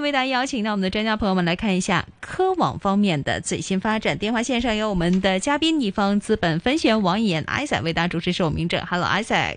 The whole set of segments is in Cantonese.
為大家邀請到我們的專家朋友們來看一下科網方面的最新發展。電話線上有我們的嘉賓，億方資本分析員王逸研 Isaac 為大家主持，是我們明哲。Hello Isaac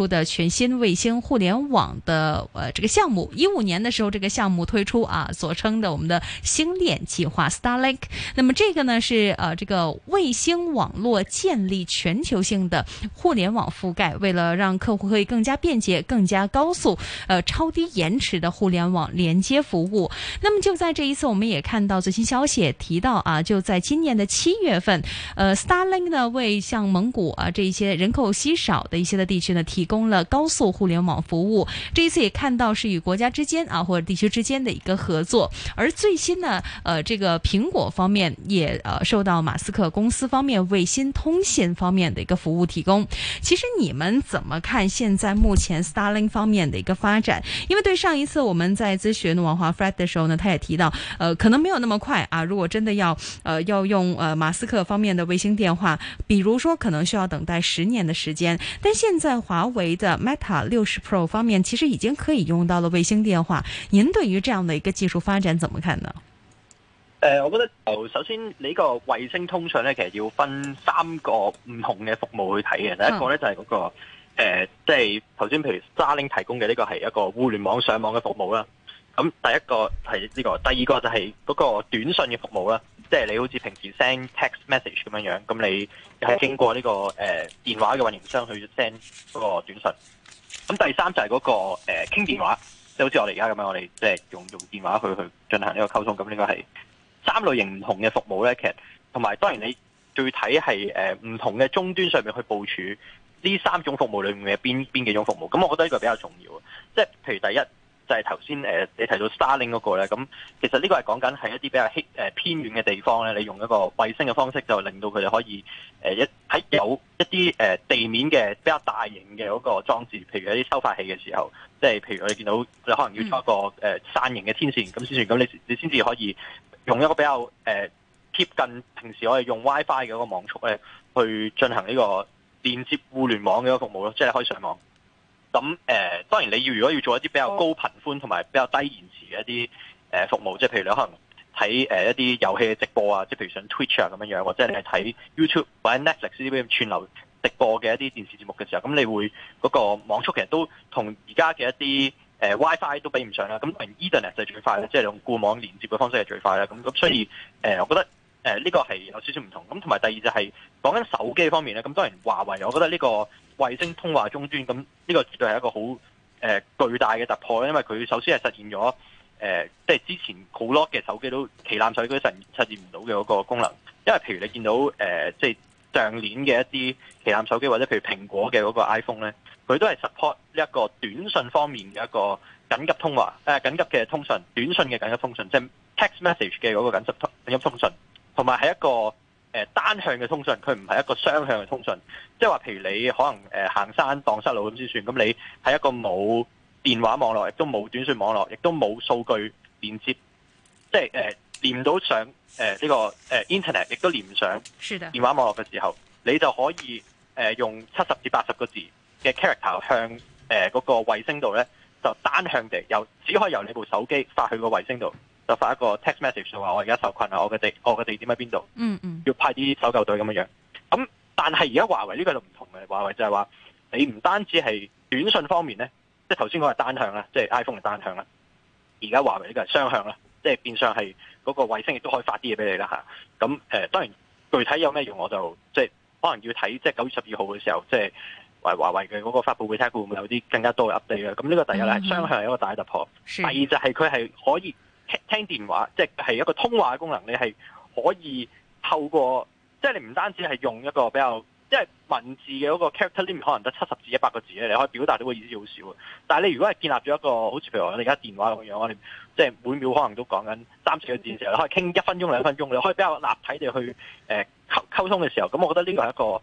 出的全新衛星互聯網的呃這個項目，一五年的時候這個項目推出啊，所稱的我們的星鏈計劃 Starlink。那麼這個呢是呃這個衛星網絡建立全球性的互聯網覆蓋，為了讓客戶可以更加便捷、更加高速、呃超低延遲的互聯網連接服務。那麼就在這一次，我們也看到最新消息也提到啊，就在今年的七月份，呃 Starlink 呢為像蒙古啊這一些人口稀少的一些的地區呢提。提供了高速互聯網服務，這一次也看到是與國家之間啊或者地區之間的一個合作。而最新呢，呃，這個蘋果方面也呃受到馬斯克公司方面衛星通信方面的一個服務提供。其實你們怎麼看現在目前 Starlink 方面的一個發展？因為對上一次我們在咨詢的王華 Fred 的時候呢，他也提到，呃，可能沒有那麼快啊。如果真的要呃要用呃馬斯克方面的衛星電話，比如說可能需要等待十年的時間。但現在華為為的 Mate 六十 Pro 方面，其實已經可以用到了衛星電話。您對於這樣的一個技術發展，怎麼看呢？誒、呃，我覺得，哦，首先你這個衛星通訊咧，其實要分三個唔同嘅服務去睇嘅。第一個咧就係嗰、那個，誒、嗯，即係頭先，就是、譬如 Starlink 提供嘅呢個係一個互聯網上網嘅服務啦。咁、嗯、第一個係呢、這個，第二個就係嗰個短信嘅服務啦。即係你好似平時 send text message 咁樣樣，咁你係經過呢、這個誒、呃、電話嘅運營商去 send 嗰個短信。咁第三就係嗰、那個誒傾、呃、電話，即、就是、好似我哋而家咁樣，我哋即係用用電話去去進行呢個溝通。咁應該係三類型唔同嘅服務咧，其實同埋當然你具體係誒唔同嘅終端上面去部署呢三種服務裏面嘅邊邊幾種服務。咁我覺得呢個比較重要，即係、就是、譬如第一。就係頭先誒，你提到 Starlink 嗰個咧，咁其實呢個係講緊係一啲比較希偏遠嘅地方咧，你用一個衛星嘅方式就令到佢哋可以誒一喺有一啲誒地面嘅比較大型嘅嗰個裝置，譬如一啲收發器嘅時候，即係譬如我哋見到你可能要出一個誒傘型嘅天線咁先算，咁你你先至可以用一個比較誒貼近平時我哋用 WiFi 嘅嗰個網速咧，去進行呢個連接互聯網嘅服務咯，即係可以上網。咁誒、呃，當然你要如果要做一啲比較高頻寬同埋比較低延遲嘅一啲誒、呃、服務，即係譬如你可能睇誒、呃、一啲遊戲嘅直播啊，即係譬如上 Twitch 啊咁樣或者你係睇 YouTube 或者 Netflix 呢啲咁串流直播嘅一啲電視節目嘅時候，咁你會嗰、那個網速其實都同而家嘅一啲、呃、WiFi 都比唔上啦。咁當然 Ethernet 就最快啦，即、嗯、係、就是、用固網連接嘅方式係最快啦。咁咁所以誒、呃，我覺得。誒、這、呢個係有少少唔同咁，同埋第二就係講緊手機方面咧。咁當然華為，我覺得呢個衛星通話終端咁呢、這個絕對係一個好誒巨大嘅突破啦。因為佢首先係實現咗誒，即、呃、係之前好多嘅手機都旗艦手機都實,實現唔到嘅嗰個功能。因為譬如你見到誒，即、呃、係、就是、上年嘅一啲旗艦手機或者譬如蘋果嘅嗰個 iPhone 咧，佢都係 support 呢一個短信方面嘅一個緊急通話誒緊、呃、急嘅通訊、短信嘅緊急通訊，即、就、係、是、text message 嘅嗰個緊急通緊急通訊。同埋係一個誒單向嘅通訊，佢唔係一個雙向嘅通訊。即係話，譬如你可能誒行山蕩失路咁先算。咁你喺一個冇電話網絡，亦都冇短訊網絡，亦都冇數據連接，即係誒連唔到上誒呢個誒 Internet，亦都連唔上電話網絡嘅時候，你就可以誒用七十至八十個字嘅 character 向誒嗰個衛星度咧，就單向地由只可以由你部手機發去個衛星度。.就發一個 text message 就話我而家受困啦，我嘅地我嘅地點喺邊度？嗯嗯，要派啲搜救隊咁樣樣。咁但係而家華為呢個就唔同嘅，華為就係話你唔單止係短信方面咧，即係頭先講係單向啦，即係 iPhone 嘅單向啦。而家華為呢個係雙向啦，即係變相係嗰個衛星亦都可以發啲嘢俾你啦，吓，咁誒當然具體有咩用，我就即係可能要睇，即係九月十二號嘅時候，即係華華為嘅嗰個發佈會睇會唔會有啲更加多嘅 update 嘅。咁呢個第一咧係雙向一個大突破，mm-hmm. 第二就係佢係可以。聽，聽電話即係一個通話嘅功能，你係可以透過即係你唔單止係用一個比較，即係文字嘅嗰個 character limit 可能得七十至一百個字咧，你可以表達到個意思好少。但係你如果係建立咗一個好似譬如我哋而家電話咁樣，我哋即係每秒可能都講緊三四個字嘅時候，你可以傾一分鐘兩分鐘，你可以比較立體地去、呃、溝溝通嘅時候，咁我覺得呢個係一個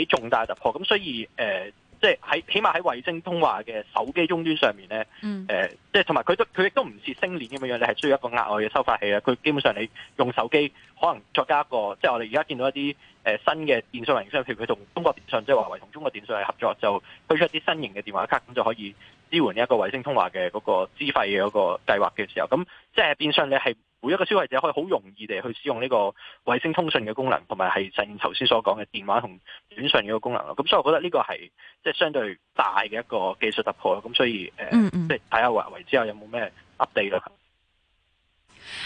幾重大嘅突破。咁所以誒。呃即係喺起碼喺衛星通話嘅手機終端上面咧，誒、嗯，即係同埋佢都佢亦都唔似星鏈咁樣樣，你係需要一個額外嘅收發器啊。佢基本上你用手機可能再加一個，即係我哋而家見到一啲誒新嘅電信運營商，譬如佢同中國電信，即係華為同中國電信係合作，就推出一啲新型嘅電話卡，咁就可以支援一個衛星通話嘅嗰個資費嘅嗰個計劃嘅時候，咁即係變相你係。每一個消費者可以好容易地去使用呢個衛星通訊嘅功能，同埋係實現頭先所講嘅電話同短信嘅個功能咯。咁所以我覺得呢個係即係相對大嘅一個技術突破。咁所以誒，即係睇下華為之後有冇咩 update 啊。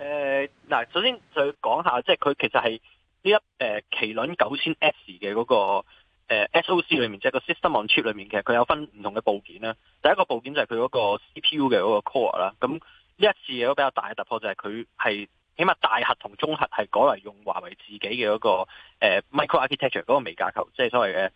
誒、呃、嗱，首先就講下，即係佢其實係呢一誒麒麟九千 S 嘅嗰個、呃、SOC 裏面，即、就、係、是、個 system on chip 裏面其實，佢有分唔同嘅部件啦。第一個部件就係佢嗰個 CPU 嘅嗰個 core 啦。咁呢一次有都比較大嘅突破，就係佢係起碼大核同中核係改為用華為自己嘅嗰、那個、呃、micro architecture 嗰個微架構，即、就、係、是、所謂嘅誒、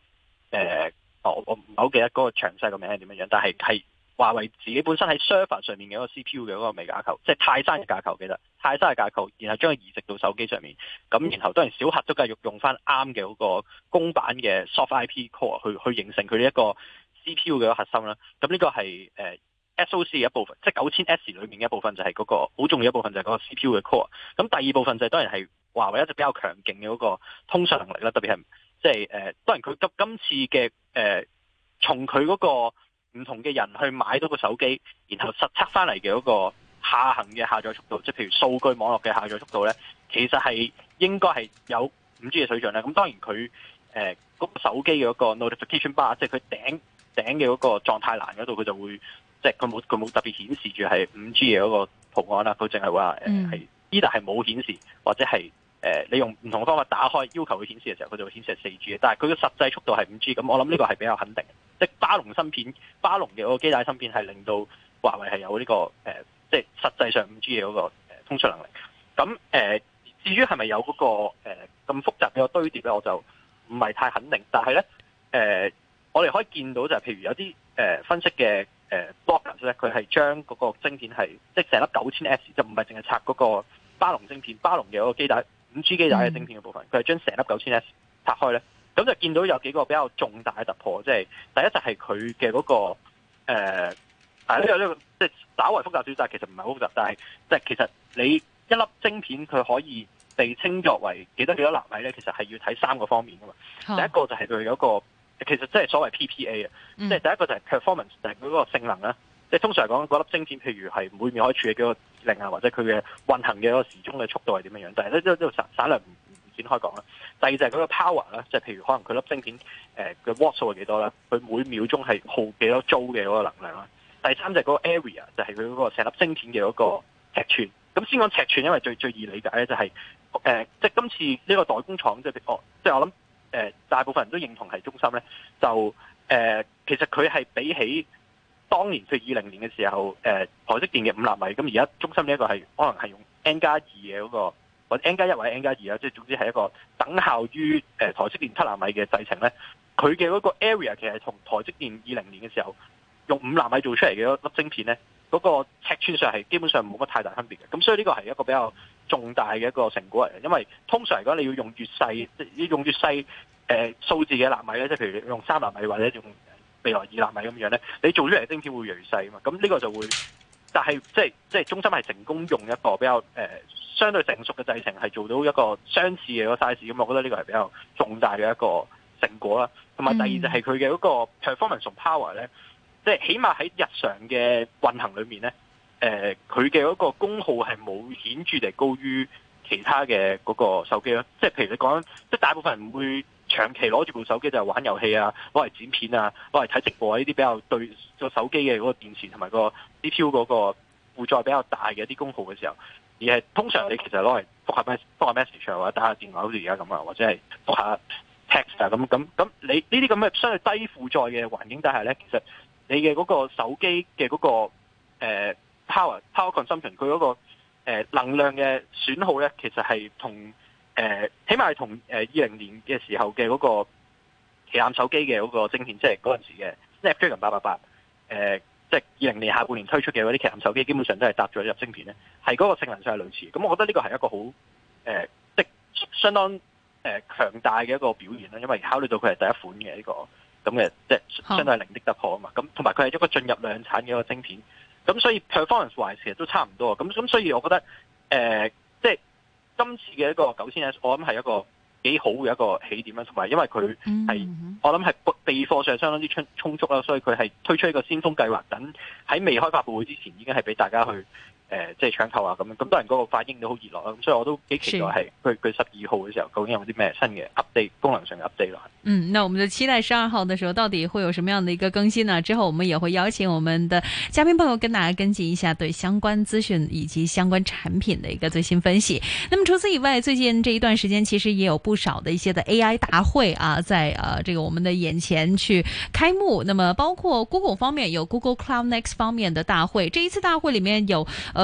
呃，我我唔係好記得嗰個詳細個名係點樣樣，但係係。是華為自己本身喺 server 上面嘅一個 CPU 嘅嗰個微架構，即係泰山嘅架構，其實泰山嘅架構，然後將佢移植到手機上面，咁然後當然小核都繼續用翻啱嘅嗰個公版嘅 soft IP core 去去形成佢呢一個 CPU 嘅核心啦。咁呢個係誒 SOC 嘅一部分，即係九千 S 裏面嘅一部分，就係嗰個好重要嘅一部分，就係嗰個 CPU 嘅 core。咁第二部分就係當然係華為一個比較強勁嘅嗰個通訊能力啦，特別係即係誒當然佢今今次嘅誒從佢嗰個。唔同嘅人去買到個手機，然後實測翻嚟嘅嗰個下行嘅下載速度，即係譬如數據網絡嘅下載速度咧，其實係應該係有 5G 嘅水準咧。咁當然佢誒嗰個手機嘅嗰個 notification bar，即係佢頂頂嘅嗰個狀態欄嗰度，佢就會即係佢冇佢冇特別顯示住係 5G 嘅嗰個圖案啦。佢淨係話誒係依度係冇顯示，或者係誒、呃、你用唔同嘅方法打開要求佢顯示嘅時候，佢就會顯示係 4G 嘅。但係佢嘅實際速度係 5G，咁我諗呢個係比較肯定的。即巴龍芯片，巴龍嘅嗰個基帶芯片係令到華為係有呢、這個誒、呃，即係實際上 5G 嘅嗰個通訊能力。咁誒、呃、至於係咪有嗰、那個咁、呃、複雜嘅堆疊咧，我就唔係太肯定。但係咧誒，我哋可以見到就係譬如有啲誒分析嘅誒 blog 咧，佢係將嗰個晶片係即係成粒九千 S，就唔係淨係拆嗰個巴龍晶片，巴龍嘅嗰個基帶 5G 基帶嘅晶片嘅部分，佢係將成粒九千 S 拆開咧。咁就見到有幾個比較重大嘅突破，即係第一就係佢嘅嗰個誒，係、呃、呢、啊呢個呢個即係稍為複雜少但係其實唔係好複雜，但係即係其實你一粒晶片佢可以被稱作為幾多幾多納米咧，其實係要睇三個方面噶嘛。第一個就係佢有個其實即係所謂 PPA 啊、嗯，即係第一個就係 performance，就係佢嗰個性能啦。即係通常嚟講，嗰粒晶片譬如係每秒可以處理幾個指令啊，或者佢嘅運行嘅個時鐘嘅速度係點樣樣，但係咧都都散散量。先開講啦。第二就係嗰個 power 啦，即係譬如可能佢粒晶片誒嘅瓦數係幾多啦？佢每秒鐘係耗幾多焦嘅嗰個能量啦。第三就係嗰個 area，就係佢嗰個成粒晶片嘅嗰個尺寸。咁先講尺寸，因為最最易理解咧、就是呃，就係誒，即係今次呢個代工廠即係、就是呃就是、我想，即係我諗誒，大部分人都認同係中芯咧。就誒、呃，其實佢係比起當年佢二零年嘅時候誒、呃、台積電嘅五納米，咁而家中芯呢一個係可能係用 N 加二嘅嗰個。N 加一或者 N 加二啊，即係總之係一個等效於誒台積電七納米嘅製程咧。佢嘅嗰個 area 其實同台積電二零年嘅時候用五納米做出嚟嘅一粒晶片咧，嗰、那個尺寸上係基本上冇乜太大分別嘅。咁所以呢個係一個比較重大嘅一個成果嚟嘅，因為通常嚟講你要用越細，即係要用越細誒、呃、數字嘅納米咧，即係譬如用三納米或者用未來二納米咁樣咧，你做出嚟嘅晶片會越細啊嘛。咁呢個就會。但係即係即係中心係成功用一個比較誒、呃、相對成熟嘅製程，係做到一個相似嘅個 size 咁，我覺得呢個係比較重大嘅一個成果啦。同埋第二就係佢嘅嗰個 performance from power 咧，即係起碼喺日常嘅運行裏面咧，誒佢嘅嗰個功耗係冇顯著地高於其他嘅嗰個手機咯。即係譬如你講，即係大部分唔會。長期攞住部手機就係玩遊戲啊，攞嚟剪片啊，攞嚟睇直播啊，呢啲比較對個手機嘅嗰個電池同埋個 CPU 嗰個負載比較大嘅一啲功耗嘅時候，而係通常你其實攞嚟複，覆下 message、message 或者打下電話，好似而家咁啊，或者係覆下 text 啊，咁咁咁你呢啲咁嘅相對低負載嘅環境底下咧，其實你嘅嗰個手機嘅嗰個、呃、power power consumption，佢嗰、嗰個、呃、能量嘅損耗咧，其實係同。誒，起碼係同誒二零年嘅時候嘅嗰個旗艦手機嘅嗰個晶片，即係嗰陣時嘅 Snapdragon 八八八，誒，即係二零年下半年推出嘅嗰啲旗艦手機，基本上都係搭咗入晶片咧，係嗰個性能上係類似的。咁，我覺得呢個係一個好，誒、呃呃這個，即相當誒強大嘅一個表現啦。因為考慮到佢係第一款嘅呢個咁嘅，即係相對零的突破啊嘛。咁同埋佢係一個進入量產嘅一個晶片，咁所以 performance-wise 都差唔多。咁咁，所以我覺得誒。呃今次嘅一個九千 S，我諗係一個幾好嘅一個起點啦，同埋因為佢係、嗯、我諗係備貨上相當之充充足啦，所以佢係推出一個先鋒計劃，等喺未開發布會之前已經係俾大家去。誒、呃，即係搶購啊，咁樣，咁多人嗰個反應都好熱絡啦，咁所以我都幾期待係佢佢十二號嘅時候究竟有啲咩新嘅 update 功能上 update 啦。嗯，那我們就期待十二號嘅時候到底會有什麼樣嘅一個更新呢，啊？之後我們也會邀請我們的嘉賓朋友跟大家跟進一下對相關資訊以及相關產品嘅一個最新分析。那麼除此以外，最近這一段時間其實也有不少的一些的 AI 大會啊，在啊這個我們的眼前去開幕。那麼包括 Google 方面有 Google Cloud Next 方面的大會，這一次大會裡面有，呃。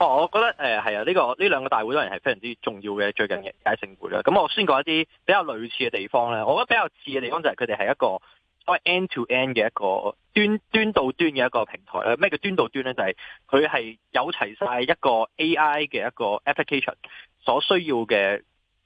哦，我覺得誒係啊，呢、呃這個呢兩個大會當然係非常之重要嘅最近嘅界盛會啦。咁、嗯、我先講一啲比較類似嘅地方咧。我覺得比較似嘅地方就係佢哋係一個所謂 end to end 嘅一個端端到端嘅一個平台啦。咩、啊、叫端到端咧？就係佢係有齊晒一個 AI 嘅一個 application 所需要嘅。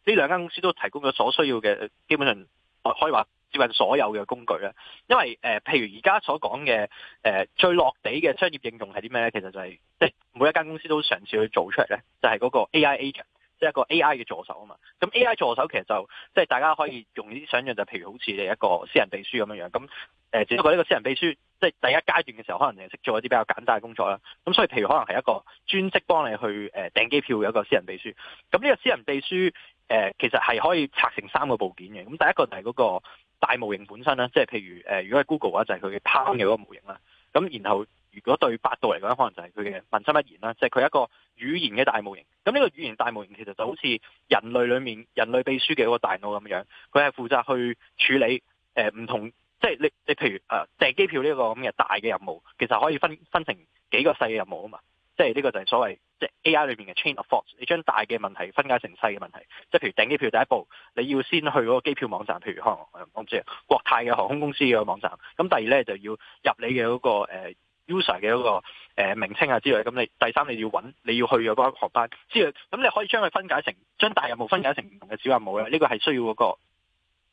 呢兩間公司都提供咗所需要嘅，基本上可以話接近所有嘅工具啦。因為誒、呃，譬如而家所講嘅誒最落地嘅商業應用係啲咩咧？其實就係即係。就是每一間公司都嘗試去做出嚟咧，就係嗰個 AI agent，即係一個 AI 嘅助手啊嘛。咁 AI 助手其實就即係、就是、大家可以用呢啲想像，就譬如好似你一個私人秘書咁樣樣。咁誒，只不過呢個私人秘書即係、就是、第一階段嘅時候，可能你識做一啲比較簡單嘅工作啦。咁所以譬如可能係一個專職幫你去誒、呃、訂機票嘅一個私人秘書。咁呢個私人秘書、呃、其實係可以拆成三個部件嘅。咁第一個就係嗰個大模型本身啦，即、就、係、是、譬如誒、呃，如果係 Google 嘅話，就係佢 PaLM 嘅嗰個模型啦。咁然後，如果對百度嚟講，可能就係佢嘅文心一言啦，即係佢一個語言嘅大模型。咁呢個語言大模型其實就好似人類裡面人類秘書嘅嗰個大腦咁樣，佢係負責去處理誒唔、呃、同，即係你你譬如誒訂、啊、機票呢個咁嘅大嘅任務，其實可以分分成幾個細嘅任務啊嘛。即係呢個就係所謂即係 A.I. 裏面嘅 Chain of Thought 你將大嘅問題分解成細嘅問題。即係譬如訂機票第一步，你要先去嗰個機票網站，譬如可能我唔知國泰嘅航空公司嘅網站。咁第二咧就要入你嘅嗰、那個、呃 user 嘅嗰個名稱啊之類，咁你第三你要揾你要去嘅嗰個學班之類，咁你可以將佢分解成將大任務分解成唔同嘅小任務咧，呢個係需要嗰個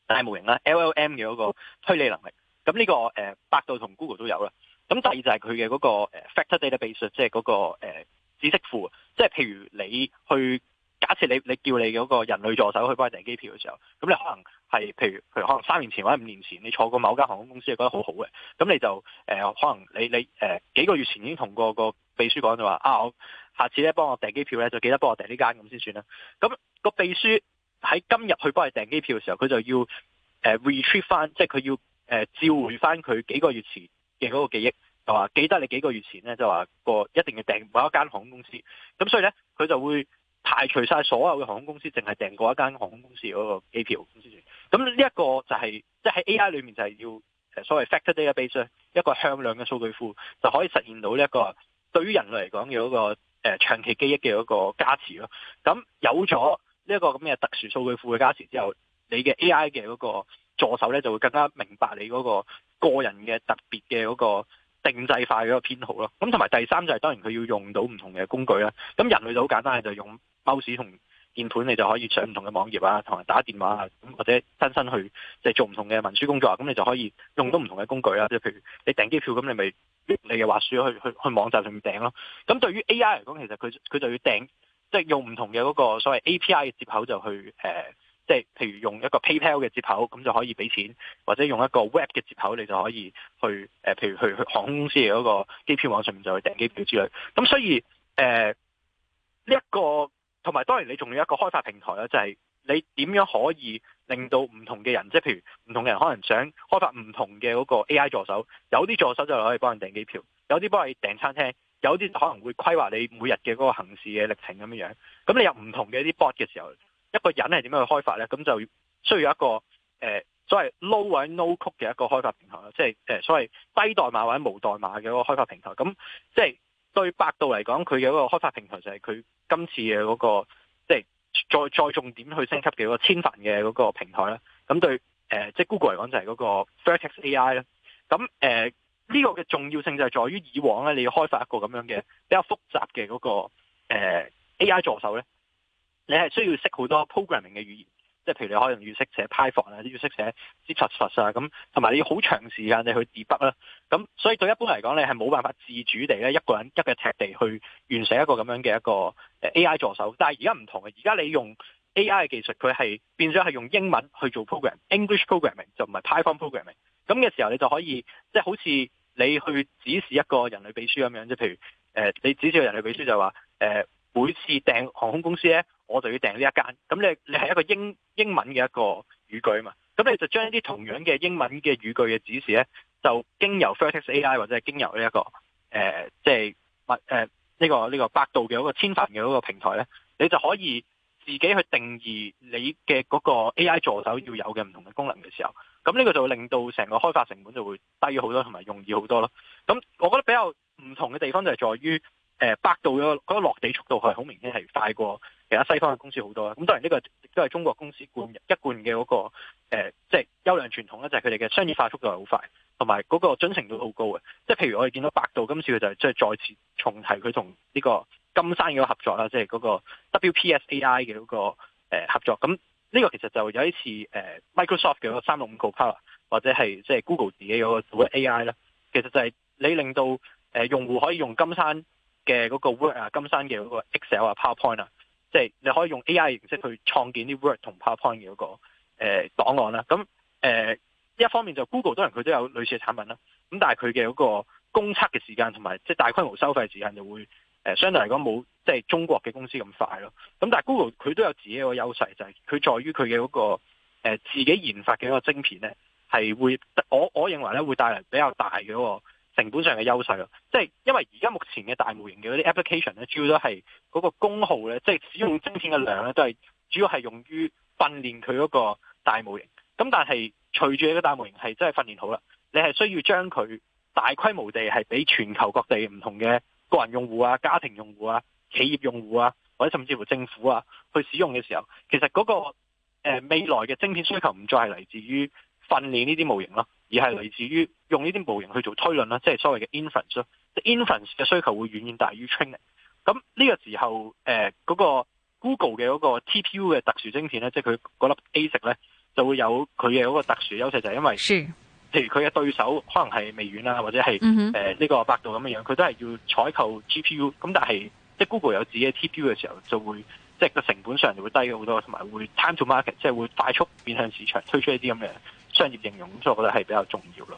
大模型啦，LLM 嘅嗰個推理能力。咁呢個誒，百度同 Google 都有啦。咁第二就係佢嘅嗰個 factor database 即係嗰個誒知識庫，即係譬如你去。一次你你叫你嗰個人類助手去幫你訂機票嘅時候，咁你可能係譬如譬如可能三年前或者五年前你坐過某間航空公司，你覺得好好嘅，咁你就誒、呃、可能你你誒、呃、幾個月前已經同個個秘書講就話啊，我下次咧幫我訂機票咧，就記得幫我訂呢間咁先算啦。咁個秘書喺今日去幫你訂機票嘅時候，佢就要 retrieve 翻，即係佢要誒召喚翻佢幾個月前嘅嗰個記憶，就話記得你幾個月前咧就話個一定要訂某一間航空公司。咁所以咧，佢就會。排除晒所有嘅航空公司，淨係訂過一間航空公司嗰個機票。咁，呢一個就係即係喺 A.I. 裏面就係要所謂 factor database 一個向量嘅數據庫，就可以實現到呢一個對於人類嚟講嘅嗰個長、呃、長期記憶嘅嗰個加持咯。咁有咗呢一個咁嘅特殊數據庫嘅加持之後，你嘅 A.I. 嘅嗰個助手咧就會更加明白你嗰個個人嘅特別嘅嗰個定製化嘅嗰個偏好咯。咁同埋第三就係當然佢要用到唔同嘅工具啦。咁人類就好簡單嘅就是、用。滑鼠同鍵盤，你就可以上唔同嘅網頁啊，同人打電話啊，或者親身、身去即係、就是、做唔同嘅文書工作啊，咁你就可以用到唔同嘅工具啊，即係譬如你訂機票咁，那你咪用你嘅滑鼠去去去網站上面訂咯。咁對於 A.I. 嚟講，其實佢佢就要訂，即、就、係、是、用唔同嘅嗰個所謂 A.P.I. 嘅接口就去誒、即、呃、係、就是、譬如用一個 PayPal 嘅接口咁就可以俾錢，或者用一個 Web 嘅接口你就可以去誒、呃，譬如去、去航空公司嘅嗰個機票網上面就去訂機票之類。咁所以誒呢一個。同埋當然，你仲要一個開發平台呢就係、是、你點樣可以令到唔同嘅人，即係譬如唔同嘅人可能想開發唔同嘅嗰個 AI 助手，有啲助手就可以幫人訂機票，有啲幫你訂餐廳，有啲可能會規劃你每日嘅嗰個行事嘅歷程咁樣樣。咁你有唔同嘅啲 bot 嘅時候，一個人係點樣去開發咧？咁就需要一個誒、呃、所謂 low 或者 no code 嘅一個開發平台啦，即係誒、呃、所謂低代碼或者無代碼嘅一個開發平台。咁即係。對百度嚟講，佢嘅個開發平台就係佢今次嘅嗰個，即係再再重點去升級嘅嗰個千帆嘅嗰個平台啦。咁對誒、呃，即係 Google 嚟講就係嗰個 Vertex AI 啦。咁誒呢個嘅重要性就係在於以往咧，你要開發一個咁樣嘅比較複雜嘅嗰個、呃、AI 助手咧，你係需要識好多 programming 嘅語言。即係譬如你可以用要識寫 Python 啊，啲要識寫 JavaScript 啊，咁同埋你要好長時間你去 debug 啦，咁所以對一般嚟講，你係冇辦法自主地咧一個人一個尺地去完成一個咁樣嘅一個 AI 助手。但係而家唔同嘅，而家你用 AI 嘅技術，佢係變咗係用英文去做 program，English programming 就唔係 Python programming。咁嘅時候你就可以即係、就是、好似你去指示一個人類秘書咁樣，即係譬如誒、呃、你指示個人類秘書就話誒。呃每次訂航空公司咧，我就要訂呢一間。咁你你係一個英英文嘅一個語句啊嘛。咁你就將一啲同樣嘅英文嘅語句嘅指示咧，就經由 Vertex AI 或者係經由呢、呢、一個誒，即係物誒呢個呢、呢個百度嘅一個千帆嘅一個平台咧，你就可以自己去定義你嘅嗰個 AI 助手要有嘅唔同嘅功能嘅時候，咁呢個就會令到成個開發成本就會低好多，同埋容易好多咯。咁我覺得比較唔同嘅地方就係在於。誒百度嘅嗰個落地速度係好明顯係快過其他西方嘅公司好多啦，咁當然呢個亦都係中國公司一貫嘅嗰個誒即係優良傳統呢，就係佢哋嘅商業化速度係好快，同埋嗰個準程度好高嘅。即係譬如我哋見到百度今次佢就係即係再次重提佢同呢個金山嘅合作啦，即係嗰個 WPS AI 嘅嗰個合作。咁呢個其實就有啲似誒 Microsoft 嘅嗰個三六五 Copilot 或者係即係 Google 自己嗰個 AI 啦。其實就係你令到誒用戶可以用金山，嘅嗰 Word 啊、金山嘅嗰 Excel 啊、PowerPoint 啊，即、就、係、是、你可以用 AI 形式去創建啲 Word 同 PowerPoint 嘅嗰、那個檔、呃、案啦、啊。咁誒、呃、一方面就 Google 當然佢都有類似嘅產品啦、啊。咁但係佢嘅嗰個公測嘅時間同埋即係大規模收費嘅時間就會、呃、相對嚟講冇即係中國嘅公司咁快咯。咁但係 Google 佢都有自己一優勢就係、是、佢在於佢嘅嗰個、呃、自己研發嘅一個晶片咧係會我我認為咧會帶嚟比較大嘅、那個成本上嘅優勢咯，即係因為而家目前嘅大模型嘅嗰啲 application 咧，主要都係嗰個功耗咧，即係使用晶片嘅量咧，都係主要係用於訓練佢嗰個大模型。咁但係隨住你個大模型係真係訓練好啦，你係需要將佢大規模地係俾全球各地唔同嘅個人用戶啊、家庭用戶啊、企業用戶啊，或者甚至乎政府啊去使用嘅時候，其實嗰個誒未來嘅晶片需求唔再係嚟自於訓練呢啲模型咯，而係嚟自於用呢啲模型去做推論啦，即係所謂嘅 inference，即 inference 嘅需求會遠遠大於 training。咁呢個時候，嗰、呃嗰個 Google 嘅嗰個 TPU 嘅特殊晶片咧，即係佢嗰粒 ASIC 呢，咧、就是，就會有佢嘅嗰個特殊優勢，就係因為譬如佢嘅對手可能係微軟啦，或者係呢、呃呢個百度咁樣樣，佢都係要採購 GPU。咁但係即 Google 有自己嘅 TPU 嘅時候就，就會即係個成本上就會低好多，同埋會 time to market，即係會快速面向市場推出一啲咁嘅商業應用，咁所以我覺得係比較重要咯。